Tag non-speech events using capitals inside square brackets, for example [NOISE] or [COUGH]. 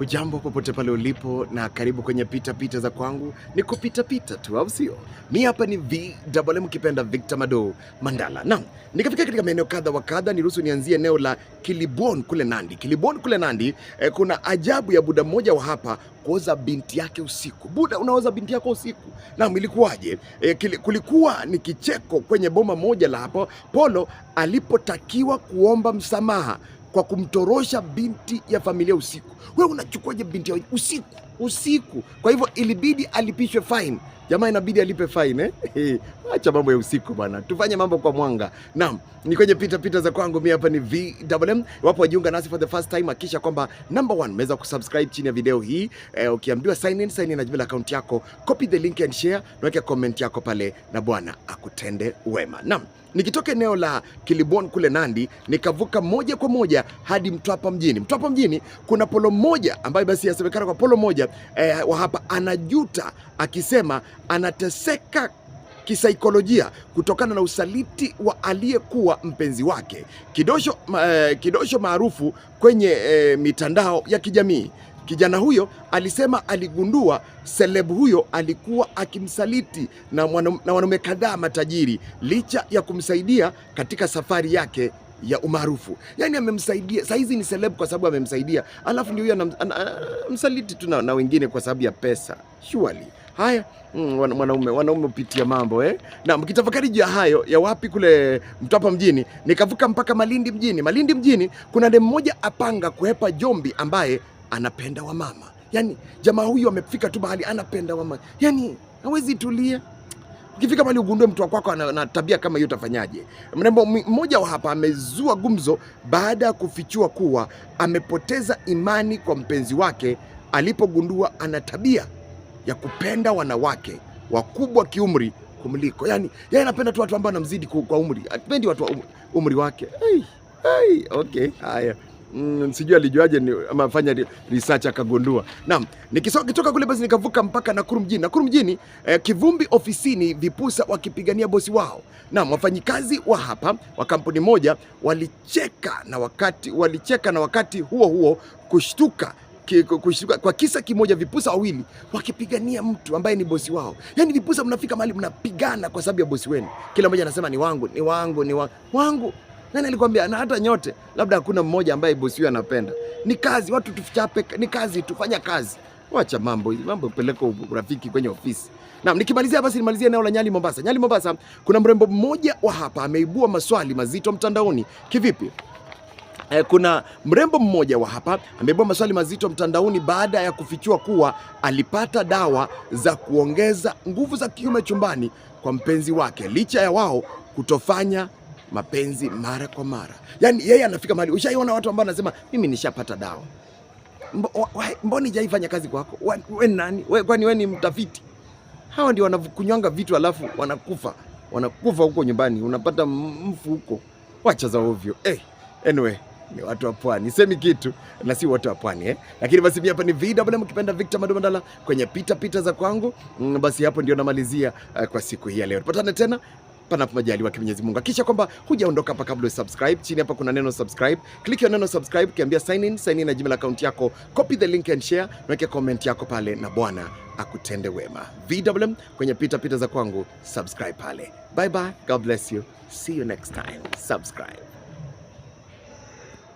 ujambo popote pale ulipo na karibu kwenye pita pita za kwangu. Ni kupita pita tu, au sio? Mi hapa ni VMM kipenda Victor Mado Mandala. Naam, nikafika katika maeneo kadha wa kadha, niruhusu nianzie eneo la Kilibon kule Nandi. Kilibon kule Nandi eh, kuna ajabu ya buda mmoja wa hapa kuoza binti yake usiku. Buda, unaoza binti yako usiku? Naam, ilikuwaje? Eh, kulikuwa ni kicheko kwenye boma moja la hapo Polo alipotakiwa kuomba msamaha kwa kumtorosha binti ya familia usiku. Wewe unachukuaje binti ya usiku? usiku. Kwa hivyo ilibidi alipishwe fine. Jamaa inabidi alipe fine eh? [LAUGHS] Acha mambo ya usiku bwana, tufanye mambo kwa mwanga. Naam, ni kwenye pita pita za kwangu. Mimi hapa ni VMM. Wapo wajiunga nasi for the first time, hakisha kwamba number one umeweza kusubscribe chini ya video hii eh, ukiambiwa sign in, sign in na jina la account yako, copy the link and share, na weka comment yako pale, na Bwana akutende wema. Naam, nikitoka eneo la Kilibon kule Nandi, nikavuka moja kwa moja hadi Mtwapa mjini. Mtwapa mjini kuna polo moja ambayo basi yasemekana kwa polo moja eh, wa hapa anajuta akisema anateseka kisaikolojia kutokana na usaliti wa aliyekuwa mpenzi wake. Kidosho, eh, kidosho maarufu kwenye eh, mitandao ya kijamii. Kijana huyo alisema aligundua selebu huyo alikuwa akimsaliti na wanaume kadhaa matajiri licha ya kumsaidia katika safari yake ya umaarufu, yani amemsaidia sahizi ni celeb kwa sababu amemsaidia, alafu ndio huyo anamsaliti tu na wengine kwa sababu ya pesa. Surely haya mm, mwanaume wanaume hupitia mambo eh? Na mkitafakari juu ya hayo ya wapi kule Mtwapa mjini, nikavuka mpaka Malindi mjini. Malindi mjini kuna dem mmoja apanga kuhepa Jombi ambaye anapenda wamama. Yani jamaa huyu amefika tu mahali anapenda wamama, yani hawezi tulia. Ukifika mahali ugundue mtu wa kwako ana tabia kama hiyo, utafanyaje? Mrembo mmoja wa hapa amezua gumzo baada ya kufichua kuwa amepoteza imani kwa mpenzi wake alipogundua ana tabia ya kupenda wanawake wakubwa kiumri kumliko. Yani yeye anapenda tu watu ambao anamzidi kwa umri, apendi watu wa umri wake. Hey, hey, okay, haya mm, sijui alijuaje ama afanya research akagundua. Naam, nikitoka kule basi nikavuka mpaka Nakuru mjini. Nakuru mjini eh, kivumbi ofisini, vipusa wakipigania bosi wao. Naam, wafanyikazi wa hapa wa kampuni moja walicheka na wakati walicheka na wakati huo huo kushtuka kwa kisa kimoja, vipusa wawili wakipigania mtu ambaye ni bosi wao. Yaani vipusa mnafika mahali mnapigana kwa sababu ya bosi wenu, kila mmoja anasema ni wangu, ni wangu, ni wangu, wangu na nilikwambia, Na hata nyote, labda hakuna mmoja ambaye bosi huyo anapenda. Ni kazi, watu tufichape, ni kazi, tufanya kazi. Wacha mambo mambo peleka urafiki kwenye ofisi. Na nikimalizia basi nimalizie eneo la Nyali Mombasa. Nyali Mombasa, kuna mrembo mmoja wa hapa ameibua maswali mazito mtandaoni. Kivipi? Eh, kuna mrembo mmoja wa hapa ameibua maswali mazito mtandaoni baada ya kufichua kuwa alipata dawa za kuongeza nguvu za kiume chumbani kwa mpenzi wake licha ya wao kutofanya mapenzi mara kwa mara. Yaani yeye anafika mahali, ushaiona watu ambao anasema mimi nishapata dawa. Mbona jaifanya kazi kwako? We nani? We kwani we ni mtafiti? Hawa ndio wanakunywanga vitu alafu wanakufa, wanakufa huko nyumbani, unapata mfu huko, wacha za ovyo. eh. anyway ni watu wa pwani, semi kitu na si watu wa pwani eh? Lakini basi mimi hapa ni VMM, mkipenda Victor Mandala kwenye pita pita za kwangu. Mm, basi hapo ndio namalizia uh, kwa siku hii ya leo. Tupatane tena panapo majali ya Mwenyezi Mungu. Hakikisha kwamba hujaondoka hapa kabla usubscribe. Chini hapa kuna neno subscribe. Click hiyo neno subscribe, kiambia sign in, sign in na Gmail account yako. Copy the link and share, weke comment yako pale na Bwana akutende wema. VMM kwenye pita pita za kwangu, subscribe pale. Bye bye. God bless you. See you next time. Subscribe.